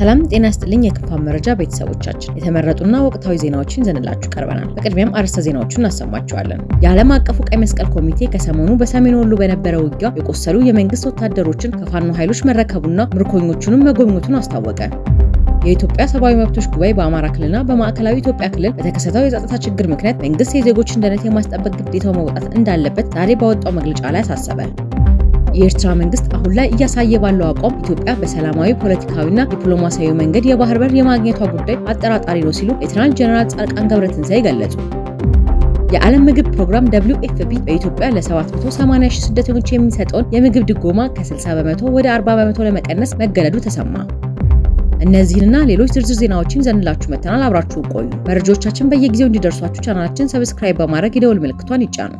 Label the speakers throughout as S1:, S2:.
S1: ሰላም ጤና ስጥልኝ። የክንፋን መረጃ ቤተሰቦቻችን የተመረጡና ወቅታዊ ዜናዎችን ዘንላችሁ ቀርበናል። በቅድሚያም አርዕስተ ዜናዎቹን እናሰማችኋለን። የዓለም አቀፉ ቀይ መስቀል ኮሚቴ ከሰሞኑ በሰሜን ወሎ በነበረ ውጊያ የቆሰሉ የመንግስት ወታደሮችን ከፋኖ ኃይሎች መረከቡና ምርኮኞቹንም መጎብኘቱን አስታወቀ። የኢትዮጵያ ሰብአዊ መብቶች ጉባኤ በአማራ ክልልና በማዕከላዊ ኢትዮጵያ ክልል በተከሰተው የጸጥታ ችግር ምክንያት መንግስት የዜጎችን ደህንነት የማስጠበቅ ግዴታው መውጣት እንዳለበት ዛሬ ባወጣው መግለጫ ላይ አሳሰበ። የኤርትራ መንግስት አሁን ላይ እያሳየ ባለው አቋም ኢትዮጵያ በሰላማዊ ፖለቲካዊና ዲፕሎማሲያዊ መንገድ የባህር በር የማግኘቷ ጉዳይ አጠራጣሪ ነው ሲሉ ሌተናንት ጀነራል ጻድቃን ገብረትንሳኤ ገለጹ። የዓለም ምግብ ፕሮግራም ደብልዩ በኢትዮጵያ ለ780 ሺህ ስደተኞች የሚሰጠውን የምግብ ድጎማ ከ60 በመቶ ወደ 40 በመቶ ለመቀነስ መገለዱ ተሰማ። እነዚህንና ሌሎች ዝርዝር ዜናዎችን ዘንላችሁ መተናል። አብራችሁ ቆዩ። መረጃዎቻችን በየጊዜው እንዲደርሷችሁ ቻናላችን ሰብስክራይብ በማድረግ የደወል ምልክቷን ይጫኑ።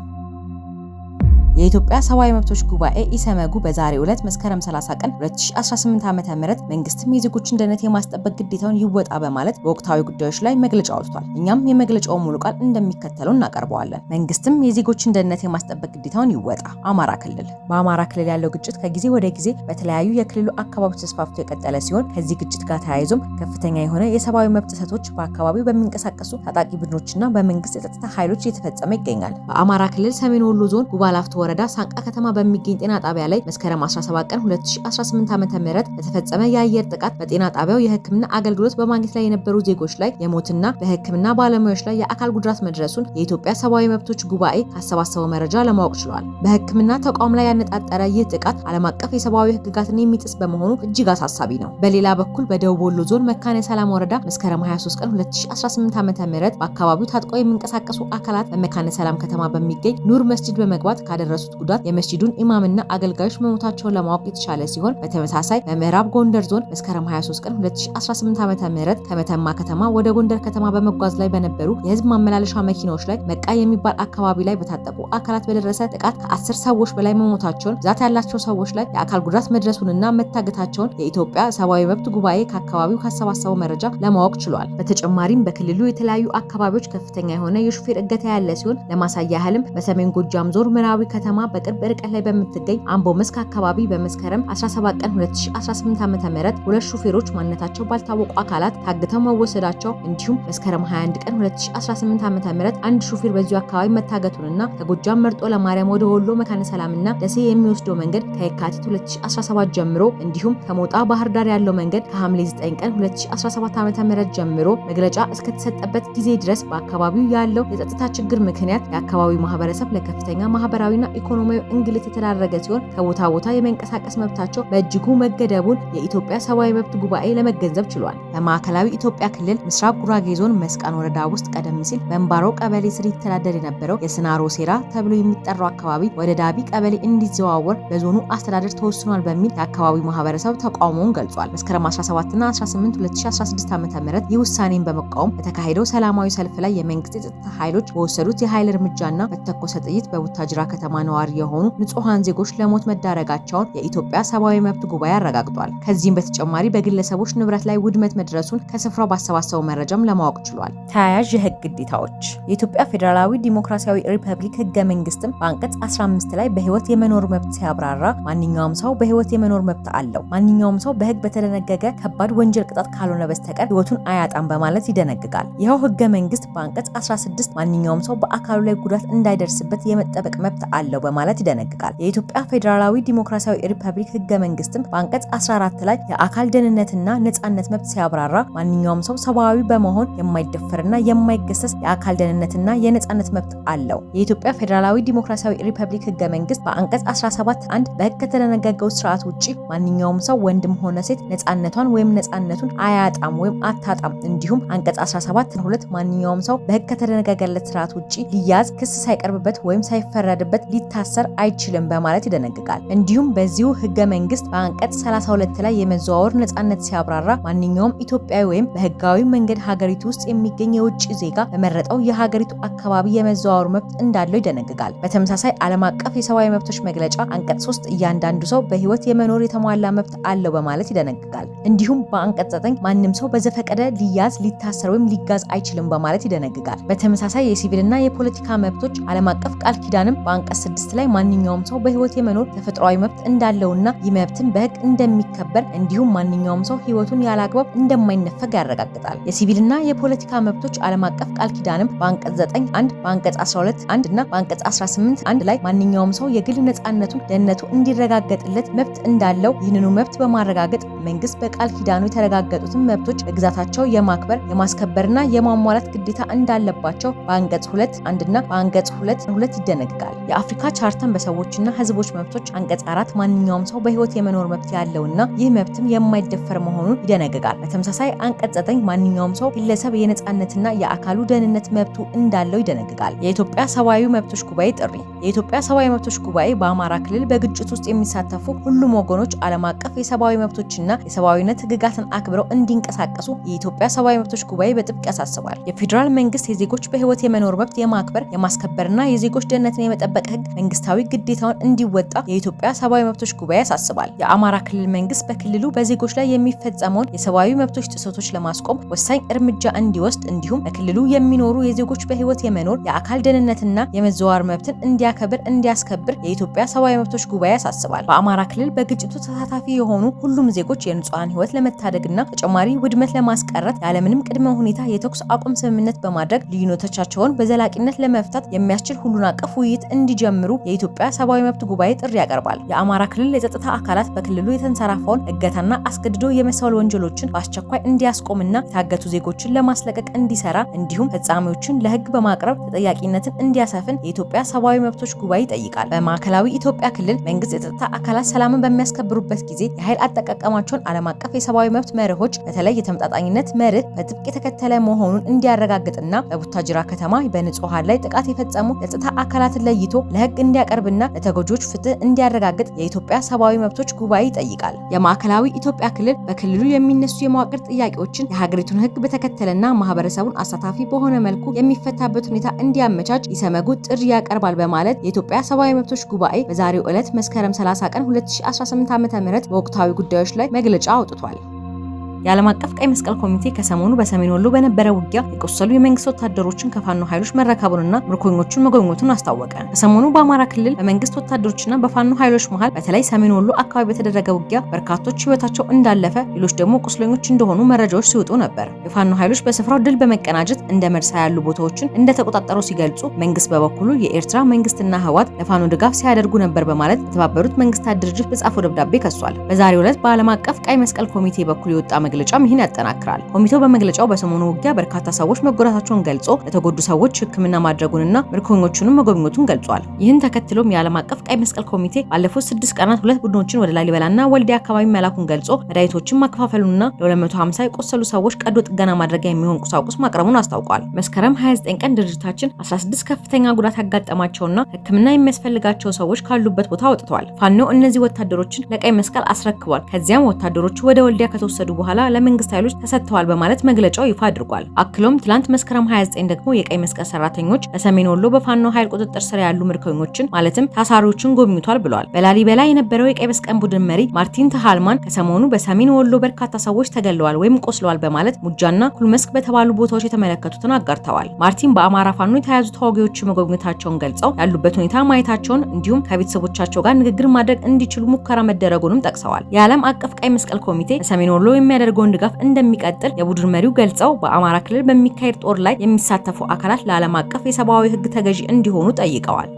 S1: የኢትዮጵያ ሰብአዊ መብቶች ጉባኤ ኢሰመጉ በዛሬው ዕለት መስከረም 30 ቀን 2018 ም መንግስትም የዜጎችን ደህንነት የማስጠበቅ ግዴታውን ይወጣ በማለት በወቅታዊ ጉዳዮች ላይ መግለጫ አውጥቷል። እኛም የመግለጫው ሙሉ ቃል እንደሚከተለው እናቀርበዋለን። መንግስትም የዜጎችን ደህንነት የማስጠበቅ ግዴታውን ይወጣ። አማራ ክልል በአማራ ክልል ያለው ግጭት ከጊዜ ወደ ጊዜ በተለያዩ የክልሉ አካባቢዎች ተስፋፍቶ የቀጠለ ሲሆን ከዚህ ግጭት ጋር ተያይዞም ከፍተኛ የሆነ የሰብአዊ መብት ጥሰቶች በአካባቢው በሚንቀሳቀሱ ታጣቂ ቡድኖችና በመንግስት የጸጥታ ኃይሎች እየተፈጸመ ይገኛል። በአማራ ክልል ሰሜን ወሎ ዞን ጉባላፍቶ ወረዳ ሳንቃ ከተማ በሚገኝ ጤና ጣቢያ ላይ መስከረም 17 ቀን 2018 ዓ.ም በተፈጸመ የአየር ጥቃት በጤና ጣቢያው የህክምና አገልግሎት በማግኘት ላይ የነበሩ ዜጎች ላይ የሞትና በህክምና ባለሙያዎች ላይ የአካል ጉዳት መድረሱን የኢትዮጵያ ሰብአዊ መብቶች ጉባኤ ካሰባሰበው መረጃ ለማወቅ ችሏል። በህክምና ተቋም ላይ ያነጣጠረ ይህ ጥቃት ዓለም አቀፍ የሰብአዊ ህግጋትን የሚጥስ በመሆኑ እጅግ አሳሳቢ ነው። በሌላ በኩል በደቡብ ወሎ ዞን መካነ ሰላም ወረዳ መስከረም 23 ቀን 2018 ዓ.ም በአካባቢው ታጥቆ የሚንቀሳቀሱ አካላት በመካነ ሰላም ከተማ በሚገኝ ኑር መስጂድ በመግባት ካደረሱ ባደረሱት ጉዳት የመስጂዱን ኢማምና አገልጋዮች መሞታቸውን ለማወቅ የተቻለ ሲሆን በተመሳሳይ በምዕራብ ጎንደር ዞን መስከረም 23 ቀን 2018 ዓ.ም ከመተማ ከተማ ወደ ጎንደር ከተማ በመጓዝ ላይ በነበሩ የህዝብ ማመላለሻ መኪናዎች ላይ መቃ የሚባል አካባቢ ላይ በታጠቁ አካላት በደረሰ ጥቃት ከአስር ሰዎች በላይ መሞታቸውን ብዛት ያላቸው ሰዎች ላይ የአካል ጉዳት መድረሱንና መታገታቸውን የኢትዮጵያ ሰብአዊ መብት ጉባኤ ከአካባቢው ካሰባሰበው መረጃ ለማወቅ ችሏል። በተጨማሪም በክልሉ የተለያዩ አካባቢዎች ከፍተኛ የሆነ የሹፌር እገታ ያለ ሲሆን ለማሳያ ያህልም በሰሜን ጎጃም ዞን ምዕራዊ ከተማ በቅርብ ርቀት ላይ በምትገኝ አምቦ መስክ አካባቢ በመስከረም 17 ቀን 2018 ዓ.ም ሁለት ሹፌሮች ማንነታቸው ባልታወቁ አካላት ታግተው መወሰዳቸው እንዲሁም መስከረም 21 ቀን 2018 ዓ.ም አንድ ሹፌር በዚሁ አካባቢ መታገቱንና ከጎጃም መርጦ ለማርያም ወደ ወሎ መካነ ሰላምና ደሴ የሚወስደው መንገድ ከየካቲት 2017 ጀምሮ እንዲሁም ከሞጣ ባህር ዳር ያለው መንገድ ከሐምሌ 9 ቀን 2017 ዓ.ም ጀምሮ መግለጫ እስከተሰጠበት ጊዜ ድረስ በአካባቢው ያለው የጸጥታ ችግር ምክንያት የአካባቢው ማህበረሰብ ለከፍተኛ ማህበራዊና ኢኮኖሚያዊ እንግልት የተዳረገ ሲሆን ከቦታ ቦታ የመንቀሳቀስ መብታቸው በእጅጉ መገደቡን የኢትዮጵያ ሰብአዊ መብት ጉባኤ ለመገንዘብ ችሏል። በማዕከላዊ ኢትዮጵያ ክልል ምስራቅ ጉራጌ ዞን መስቃን ወረዳ ውስጥ ቀደም ሲል በንባሮ ቀበሌ ስር ይተዳደር የነበረው የስናሮ ሴራ ተብሎ የሚጠራው አካባቢ ወደ ዳቢ ቀበሌ እንዲዘዋወር በዞኑ አስተዳደር ተወስኗል በሚል የአካባቢው ማህበረሰብ ተቃውሞውን ገልጿል። መስከረም 17ና 18 2016 ዓ ም ይህ ውሳኔን በመቃወም በተካሄደው ሰላማዊ ሰልፍ ላይ የመንግስት የጸጥታ ኃይሎች በወሰዱት የኃይል እርምጃና በተኮሰ ጥይት በቡታጅራ ከተማ ከተማ ነዋሪ የሆኑ ንጹሐን ዜጎች ለሞት መዳረጋቸውን የኢትዮጵያ ሰብአዊ መብት ጉባኤ አረጋግጧል። ከዚህም በተጨማሪ በግለሰቦች ንብረት ላይ ውድመት መድረሱን ከስፍራው ባሰባሰበው መረጃም ለማወቅ ችሏል። ተያያዥ የህግ ግዴታዎች የኢትዮጵያ ፌዴራላዊ ዲሞክራሲያዊ ሪፐብሊክ ህገ መንግስትም በአንቀጽ 15 ላይ በህይወት የመኖር መብት ሲያብራራ ማንኛውም ሰው በህይወት የመኖር መብት አለው፣ ማንኛውም ሰው በህግ በተደነገገ ከባድ ወንጀል ቅጣት ካልሆነ በስተቀር ህይወቱን አያጣም በማለት ይደነግጋል። ይኸው ህገ መንግስት በአንቀጽ 16 ማንኛውም ሰው በአካሉ ላይ ጉዳት እንዳይደርስበት የመጠበቅ መብት አለ አለው በማለት ይደነግጋል። የኢትዮጵያ ፌዴራላዊ ዲሞክራሲያዊ ሪፐብሊክ ህገ መንግስትም በአንቀጽ 14 ላይ የአካል ደህንነትና ነጻነት መብት ሲያብራራ ማንኛውም ሰው ሰብአዊ በመሆን የማይደፈርና የማይገሰስ የአካል ደህንነትና የነጻነት መብት አለው። የኢትዮጵያ ፌዴራላዊ ዲሞክራሲያዊ ሪፐብሊክ ህገ መንግስት በአንቀጽ 17 አንድ በህግ ከተደነገገው ስርዓት ውጭ ማንኛውም ሰው ወንድም ሆነ ሴት ነጻነቷን ወይም ነጻነቱን አያጣም ወይም አታጣም። እንዲሁም አንቀጽ 17 ሁለት ማንኛውም ሰው በህግ ከተደነገገለት ስርዓት ውጭ ሊያዝ ክስ ሳይቀርብበት ወይም ሳይፈረድበት ሊታሰር አይችልም በማለት ይደነግጋል። እንዲሁም በዚሁ ህገ መንግስት በአንቀጽ 32 ላይ የመዘዋወር ነጻነት ሲያብራራ ማንኛውም ኢትዮጵያዊ ወይም በህጋዊ መንገድ ሀገሪቱ ውስጥ የሚገኝ የውጭ ዜጋ በመረጠው የሀገሪቱ አካባቢ የመዘዋወር መብት እንዳለው ይደነግጋል። በተመሳሳይ ዓለም አቀፍ የሰብአዊ መብቶች መግለጫ አንቀጽ 3 እያንዳንዱ ሰው በህይወት የመኖር የተሟላ መብት አለው በማለት ይደነግጋል። እንዲሁም በአንቀጽ 9 ማንም ሰው በዘፈቀደ ሊያዝ፣ ሊታሰር ወይም ሊጋዝ አይችልም በማለት ይደነግጋል። በተመሳሳይ የሲቪልና የፖለቲካ መብቶች ዓለም አቀፍ ቃል ኪዳንም በአንቀጽ 2016 ላይ ማንኛውም ሰው በህይወት የመኖር ተፈጥሯዊ መብት እንዳለውና ይህ መብትን በህግ እንደሚከበር እንዲሁም ማንኛውም ሰው ህይወቱን ያላግባብ እንደማይነፈግ ያረጋግጣል። የሲቪልና የፖለቲካ መብቶች ዓለም አቀፍ ቃል ኪዳንም በአንቀጽ 9 1 በአንቀጽ 12 1 እና በአንቀጽ 18 1 ላይ ማንኛውም ሰው የግል ነፃነቱን ደህንነቱ እንዲረጋገጥለት መብት እንዳለው ይህንኑ መብት በማረጋገጥ መንግስት በቃል ኪዳኑ የተረጋገጡትን መብቶች በግዛታቸው የማክበር የማስከበርና የማሟላት ግዴታ እንዳለባቸው በአንቀጽ 2 1 እና በአንቀጽ 2 2 ይደነግጋል። የአፍሪካ ከቻርተን በሰዎችና ህዝቦች መብቶች አንቀጽ አራት ማንኛውም ሰው በህይወት የመኖር መብት ያለውና ይህ መብትም የማይደፈር መሆኑን ይደነግጋል። በተመሳሳይ አንቀጽ ዘጠኝ ማንኛውም ሰው ግለሰብ የነጻነትና የአካሉ ደህንነት መብቱ እንዳለው ይደነግጋል። የኢትዮጵያ ሰብአዊ መብቶች ጉባኤ ጥሪ የኢትዮጵያ ሰብአዊ መብቶች ጉባኤ በአማራ ክልል በግጭት ውስጥ የሚሳተፉ ሁሉም ወገኖች ዓለም አቀፍ የሰብአዊ መብቶችና የሰብአዊነት ህግጋትን አክብረው እንዲንቀሳቀሱ የኢትዮጵያ ሰብአዊ መብቶች ጉባኤ በጥብቅ ያሳስባል። የፌዴራል መንግስት የዜጎች በህይወት የመኖር መብት የማክበር የማስከበርና የዜጎች ደህንነትን የመጠበቅ ህግ መንግስታዊ ግዴታውን እንዲወጣ የኢትዮጵያ ሰብአዊ መብቶች ጉባኤ ያሳስባል። የአማራ ክልል መንግስት በክልሉ በዜጎች ላይ የሚፈጸመውን የሰብአዊ መብቶች ጥሰቶች ለማስቆም ወሳኝ እርምጃ እንዲወስድ እንዲሁም በክልሉ የሚኖሩ የዜጎች በህይወት የመኖር የአካል ደህንነትና የመዘዋወር መብትን እንዲያከብር እንዲያስከብር የኢትዮጵያ ሰብአዊ መብቶች ጉባኤ ያሳስባል። በአማራ ክልል በግጭቱ ተሳታፊ የሆኑ ሁሉም ዜጎች የንጹሐን ህይወት ለመታደግና ተጨማሪ ውድመት ለማስቀረት ያለምንም ቅድመ ሁኔታ የተኩስ አቁም ስምምነት በማድረግ ልዩነቶቻቸውን በዘላቂነት ለመፍታት የሚያስችል ሁሉን አቀፍ ውይይት እንዲጀ እንዲጀምሩ የኢትዮጵያ ሰብአዊ መብት ጉባኤ ጥሪ ያቀርባል። የአማራ ክልል የጸጥታ አካላት በክልሉ የተንሰራፋውን እገታና አስገድዶ የመሰል ወንጀሎችን በአስቸኳይ እንዲያስቆምና የታገቱ ዜጎችን ለማስለቀቅ እንዲሰራ እንዲሁም ፈጻሚዎችን ለህግ በማቅረብ ተጠያቂነትን እንዲያሰፍን የኢትዮጵያ ሰብአዊ መብቶች ጉባኤ ይጠይቃል። በማዕከላዊ ኢትዮጵያ ክልል መንግስት የጸጥታ አካላት ሰላምን በሚያስከብሩበት ጊዜ የኃይል አጠቃቀማቸውን ዓለም አቀፍ የሰብአዊ መብት መርሆች በተለይ የተመጣጣኝነት መርህ በጥብቅ የተከተለ መሆኑን እንዲያረጋግጥና በቡታጅራ ከተማ በንጹሐን ላይ ጥቃት የፈጸሙ የጸጥታ አካላትን ለይቶ ለህግ እንዲያቀርብና ለተጎጆች ፍትህ እንዲያረጋግጥ የኢትዮጵያ ሰብአዊ መብቶች ጉባኤ ይጠይቃል። የማዕከላዊ ኢትዮጵያ ክልል በክልሉ የሚነሱ የመዋቅር ጥያቄዎችን የሀገሪቱን ህግ በተከተለና ማህበረሰቡን አሳታፊ በሆነ መልኩ የሚፈታበት ሁኔታ እንዲያመቻች ኢሰመጉ ጥሪ ያቀርባል በማለት የኢትዮጵያ ሰብአዊ መብቶች ጉባኤ በዛሬው ዕለት መስከረም 30 ቀን 2018 ዓ.ም በወቅታዊ ጉዳዮች ላይ መግለጫ አውጥቷል። የዓለም አቀፍ ቀይ መስቀል ኮሚቴ ከሰሞኑ በሰሜን ወሎ በነበረ ውጊያ የቆሰሉ የመንግስት ወታደሮችን ከፋኖ ኃይሎች መረከቡንና ምርኮኞቹን መጎብኘቱን አስታወቀ። ከሰሞኑ በአማራ ክልል በመንግስት ወታደሮችና በፋኖ ኃይሎች መሃል በተለይ ሰሜን ወሎ አካባቢ በተደረገ ውጊያ በርካቶች ህይወታቸው እንዳለፈ፣ ሌሎች ደግሞ ቁስለኞች እንደሆኑ መረጃዎች ሲወጡ ነበር። የፋኖ ኃይሎች በስፍራው ድል በመቀናጀት እንደ መርሳ ያሉ ቦታዎችን እንደተቆጣጠሩ ሲገልጹ፣ መንግስት በበኩሉ የኤርትራ መንግስትና ህወሓት ለፋኖ ድጋፍ ሲያደርጉ ነበር በማለት የተባበሩት መንግስታት ድርጅት በጻፈው ደብዳቤ ከሷል። በዛሬው ዕለት በዓለም አቀፍ ቀይ መስቀል ኮሚቴ በኩል የወጣ መግለጫም ይህን ያጠናክራል። ኮሚቴው በመግለጫው በሰሞኑ ውጊያ በርካታ ሰዎች መጎዳታቸውን ገልጾ ለተጎዱ ሰዎች ሕክምና ማድረጉንና ምርኮኞቹንም መጎብኘቱን ገልጿል። ይህን ተከትሎም የዓለም አቀፍ ቀይ መስቀል ኮሚቴ ባለፉት ስድስት ቀናት ሁለት ቡድኖችን ወደ ላሊበላና ወልዲያ አካባቢ መላኩን ገልጾ መድኃኒቶችን ማከፋፈሉንና ለ250 የቆሰሉ ሰዎች ቀዶ ጥገና ማድረጊያ የሚሆን ቁሳቁስ ማቅረቡን አስታውቋል። መስከረም 29 ቀን ድርጅታችን 16 ከፍተኛ ጉዳት ያጋጠማቸውና ሕክምና የሚያስፈልጋቸው ሰዎች ካሉበት ቦታ አውጥተዋል። ፋኖ እነዚህ ወታደሮችን ለቀይ መስቀል አስረክቧል። ከዚያም ወታደሮቹ ወደ ወልዲያ ከተወሰዱ በኋላ በኋላ ለመንግስት ኃይሎች ተሰጥተዋል በማለት መግለጫው ይፋ አድርጓል። አክሎም ትላንት መስከረም 29 ደግሞ የቀይ መስቀል ሰራተኞች በሰሜን ወሎ በፋኖ ኃይል ቁጥጥር ስር ያሉ ምርኮኞችን ማለትም ታሳሪዎችን ጎብኝቷል ብሏል። በላሊበላ የነበረው የቀይ መስቀል ቡድን መሪ ማርቲን ተሃልማን ከሰሞኑ በሰሜን ወሎ በርካታ ሰዎች ተገለዋል ወይም ቆስለዋል በማለት ሙጃና ኩልመስክ በተባሉ ቦታዎች የተመለከቱትን አጋርተዋል። ማርቲን በአማራ ፋኖ የተያዙ ተዋጊዎች መጎብኘታቸውን ገልጸው ያሉበት ሁኔታ ማየታቸውን እንዲሁም ከቤተሰቦቻቸው ጋር ንግግር ማድረግ እንዲችሉ ሙከራ መደረጉንም ጠቅሰዋል። የዓለም አቀፍ ቀይ መስቀል ኮሚቴ በሰሜን ወሎ የሚያደ የሚደረገውን ድጋፍ እንደሚቀጥል የቡድን መሪው ገልጸው በአማራ ክልል በሚካሄድ ጦር ላይ የሚሳተፉ አካላት ለዓለም አቀፍ የሰብአዊ ሕግ ተገዢ እንዲሆኑ ጠይቀዋል።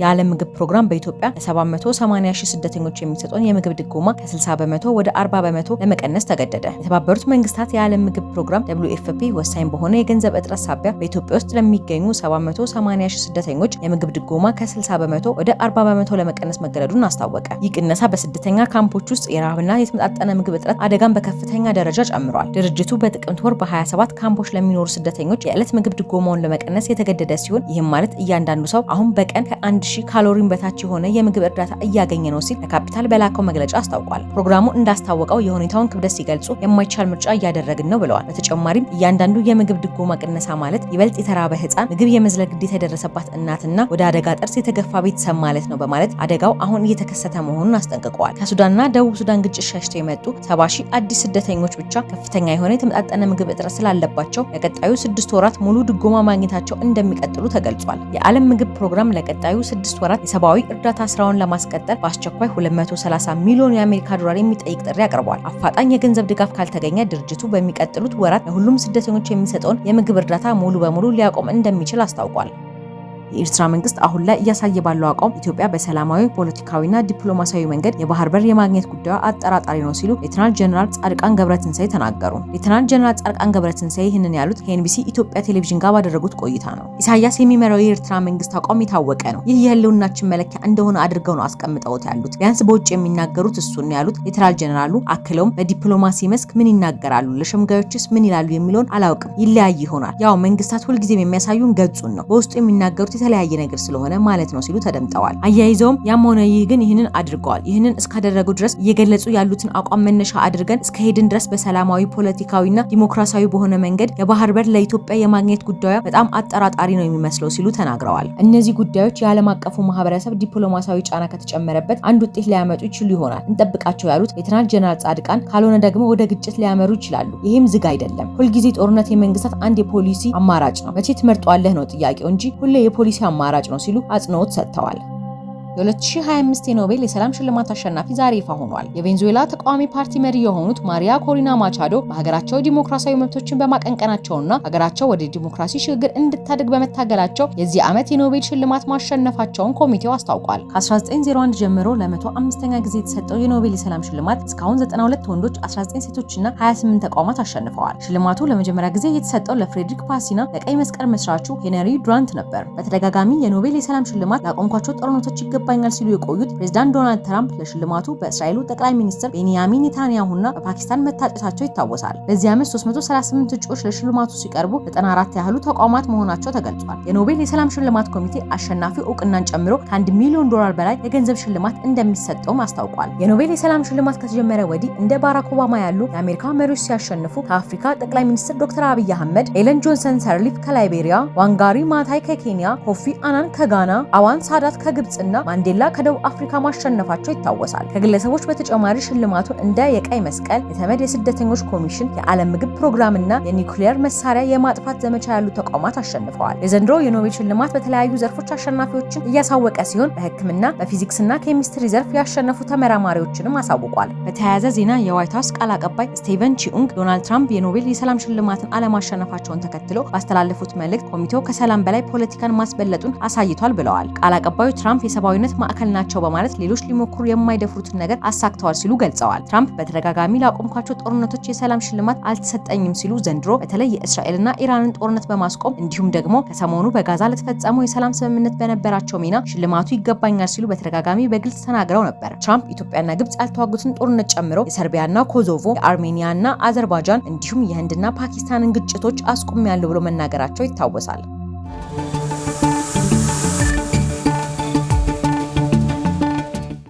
S1: የዓለም ምግብ ፕሮግራም በኢትዮጵያ ለ780 ሺህ ስደተኞች የሚሰጠውን የምግብ ድጎማ ከ60 በመቶ ወደ 40 በመቶ ለመቀነስ ተገደደ። የተባበሩት መንግስታት የዓለም ምግብ ፕሮግራም ደብሊው ኤፍ ፒ ወሳኝ በሆነ የገንዘብ እጥረት ሳቢያ በኢትዮጵያ ውስጥ ለሚገኙ 780 ሺህ ስደተኞች የምግብ ድጎማ ከ60 በመቶ ወደ 40 በመቶ ለመቀነስ መገደዱን አስታወቀ። ይህ ቅነሳ በስደተኛ ካምፖች ውስጥ የረሃብና የተመጣጠነ ምግብ እጥረት አደጋን በከፍተኛ ደረጃ ጨምሯል። ድርጅቱ በጥቅምት ወር በ27 ካምፖች ለሚኖሩ ስደተኞች የዕለት ምግብ ድጎማውን ለመቀነስ የተገደደ ሲሆን ይህም ማለት እያንዳንዱ ሰው አሁን በቀን ከአንድ 1000 ካሎሪን በታች የሆነ የምግብ እርዳታ እያገኘ ነው ሲል ለካፒታል በላከው መግለጫ አስታውቋል። ፕሮግራሙ እንዳስታወቀው የሁኔታውን ክብደት ሲገልጹ የማይቻል ምርጫ እያደረግን ነው ብለዋል። በተጨማሪም እያንዳንዱ የምግብ ድጎማ ቅነሳ ማለት ይበልጥ የተራበ ህፃን፣ ምግብ የመዝለል ግዴታ የደረሰባት እናትና ወደ አደጋ ጥርስ የተገፋ ቤተሰብ ማለት ነው በማለት አደጋው አሁን እየተከሰተ መሆኑን አስጠንቅቀዋል። ከሱዳንና ደቡብ ሱዳን ግጭት ሸሽተው የመጡ 70 ሺህ አዲስ ስደተኞች ብቻ ከፍተኛ የሆነ የተመጣጠነ ምግብ እጥረት ስላለባቸው ለቀጣዩ ስድስት ወራት ሙሉ ድጎማ ማግኘታቸው እንደሚቀጥሉ ተገልጿል። የዓለም ምግብ ፕሮግራም ለቀጣዩ ስድስት ወራት የሰብአዊ እርዳታ ስራውን ለማስቀጠል በአስቸኳይ 230 ሚሊዮን የአሜሪካ ዶላር የሚጠይቅ ጥሪ አቅርቧል። አፋጣኝ የገንዘብ ድጋፍ ካልተገኘ ድርጅቱ በሚቀጥሉት ወራት ለሁሉም ስደተኞች የሚሰጠውን የምግብ እርዳታ ሙሉ በሙሉ ሊያቆም እንደሚችል አስታውቋል። የኤርትራ መንግስት አሁን ላይ እያሳየ ባለው አቋም ኢትዮጵያ በሰላማዊ ፖለቲካዊና ዲፕሎማሲያዊ መንገድ የባህር በር የማግኘት ጉዳዩ አጠራጣሪ ነው ሲሉ ሌተናል ጀነራል ጻድቃን ገብረትንሳኤ ተናገሩ። ሌተናል ጀነራል ጻድቃን ገብረትንሳኤ ይህንን ያሉት ከኤንቢሲ ኢትዮጵያ ቴሌቪዥን ጋር ባደረጉት ቆይታ ነው። ኢሳያስ የሚመራው የኤርትራ መንግስት አቋም የታወቀ ነው። ይህ የህልውናችን መለኪያ እንደሆነ አድርገው ነው አስቀምጠውት ያሉት። ቢያንስ በውጭ የሚናገሩት እሱን ያሉት ሌተናል ጀነራሉ አክለውም በዲፕሎማሲ መስክ ምን ይናገራሉ፣ ለሸምጋዮችስ ምን ይላሉ የሚለውን አላውቅም፣ ይለያይ ይሆናል። ያው መንግስታት ሁልጊዜም የሚያሳዩን ገጹን ነው። በውስጡ የሚናገሩት የተለያየ ነገር ስለሆነ ማለት ነው ሲሉ ተደምጠዋል። አያይዘውም ያም ሆነ ይህ ግን ይህንን አድርገዋል። ይህንን እስካደረጉ ድረስ እየገለጹ ያሉትን አቋም መነሻ አድርገን እስከሄድን ድረስ በሰላማዊ ፖለቲካዊና ዲሞክራሲያዊ በሆነ መንገድ የባህር በር ለኢትዮጵያ የማግኘት ጉዳዩ በጣም አጠራጣሪ ነው የሚመስለው ሲሉ ተናግረዋል። እነዚህ ጉዳዮች የዓለም አቀፉ ማህበረሰብ ዲፕሎማሲያዊ ጫና ከተጨመረበት አንድ ውጤት ሊያመጡ ይችሉ ይሆናል እንጠብቃቸው ያሉት ሌተናንት ጀነራል ጻድቃን ካልሆነ ደግሞ ወደ ግጭት ሊያመሩ ይችላሉ። ይህም ዝግ አይደለም። ሁልጊዜ ጦርነት የመንግስታት አንድ የፖሊሲ አማራጭ ነው። መቼ ትመርጧለህ ነው ጥያቄው እንጂ ሁሌ የፖሊሲ አማራጭ ነው ሲሉ አጽንኦት ሰጥተዋል። የ2025 የኖቤል የሰላም ሽልማት አሸናፊ ዛሬ ይፋ ሆኗል። የቬንዙዌላ ተቃዋሚ ፓርቲ መሪ የሆኑት ማሪያ ኮሪና ማቻዶ በሀገራቸው ዲሞክራሲያዊ መብቶችን በማቀንቀናቸውና ሀገራቸው ወደ ዲሞክራሲ ሽግግር እንድታድግ በመታገላቸው የዚህ ዓመት የኖቤል ሽልማት ማሸነፋቸውን ኮሚቴው አስታውቋል። ከ1901 ጀምሮ ለ105ኛ ጊዜ የተሰጠው የኖቤል የሰላም ሽልማት እስካሁን 92 ወንዶች፣ 19 ሴቶችና 28 ተቋማት አሸንፈዋል። ሽልማቱ ለመጀመሪያ ጊዜ የተሰጠው ለፍሬድሪክ ፓሲና ለቀይ መስቀል መስራቹ ሄነሪ ዱራንት ነበር። በተደጋጋሚ የኖቤል የሰላም ሽልማት ላቆምኳቸው ጦርነቶች ይገባል ይገባኛል ሲሉ የቆዩት ፕሬዚዳንት ዶናልድ ትራምፕ ለሽልማቱ በእስራኤሉ ጠቅላይ ሚኒስትር ቤንያሚን ኔታንያሁና በፓኪስታን መታጨታቸው ይታወሳል። በዚህ ዓመት 338 እጩዎች ለሽልማቱ ሲቀርቡ 94 ያህሉ ተቋማት መሆናቸው ተገልጿል። የኖቤል የሰላም ሽልማት ኮሚቴ አሸናፊ እውቅናን ጨምሮ ከአንድ ሚሊዮን ዶላር በላይ የገንዘብ ሽልማት እንደሚሰጠውም አስታውቋል። የኖቤል የሰላም ሽልማት ከተጀመረ ወዲህ እንደ ባራክ ኦባማ ያሉ የአሜሪካ መሪዎች ሲያሸንፉ ከአፍሪካ ጠቅላይ ሚኒስትር ዶክተር አብይ አህመድ፣ ኤለን ጆንሰን ሰርሊፍ ከላይቤሪያ፣ ዋንጋሪ ማታይ ከኬንያ፣ ኮፊ አናን ከጋና፣ አዋን ሳዳት ከግብፅና ማንዴላ ከደቡብ አፍሪካ ማሸነፋቸው ይታወሳል። ከግለሰቦች በተጨማሪ ሽልማቱን እንደ የቀይ መስቀል፣ የተመድ የስደተኞች ኮሚሽን፣ የዓለም ምግብ ፕሮግራምና የኒውክሊየር መሳሪያ የማጥፋት ዘመቻ ያሉ ተቋማት አሸንፈዋል። የዘንድሮ የኖቤል ሽልማት በተለያዩ ዘርፎች አሸናፊዎችን እያሳወቀ ሲሆን በሕክምና በፊዚክስና ኬሚስትሪ ዘርፍ ያሸነፉ ተመራማሪዎችንም አሳውቋል። በተያያዘ ዜና የዋይት ሀውስ ቃል አቀባይ ስቴቨን ቺኡንግ ዶናልድ ትራምፕ የኖቤል የሰላም ሽልማትን አለማሸነፋቸውን ተከትሎ ባስተላለፉት መልእክት ኮሚቴው ከሰላም በላይ ፖለቲካን ማስበለጡን አሳይቷል ብለዋል። ቃል አቀባዩ ትራምፕ የሰብአዊ የደህንነት ማዕከል ናቸው በማለት ሌሎች ሊሞክሩ የማይደፍሩትን ነገር አሳክተዋል ሲሉ ገልጸዋል። ትራምፕ በተደጋጋሚ ላቆምኳቸው ጦርነቶች የሰላም ሽልማት አልተሰጠኝም ሲሉ ዘንድሮ በተለይ የእስራኤልና ኢራንን ጦርነት በማስቆም እንዲሁም ደግሞ ከሰሞኑ በጋዛ ለተፈጸመው የሰላም ስምምነት በነበራቸው ሚና ሽልማቱ ይገባኛል ሲሉ በተደጋጋሚ በግልጽ ተናግረው ነበር። ትራምፕ ኢትዮጵያና ግብጽ ያልተዋጉትን ጦርነት ጨምሮ የሰርቢያና ኮዞቮ፣ የአርሜኒያና አዘርባጃን እንዲሁም የህንድና ፓኪስታንን ግጭቶች ያለው ብሎ መናገራቸው ይታወሳል።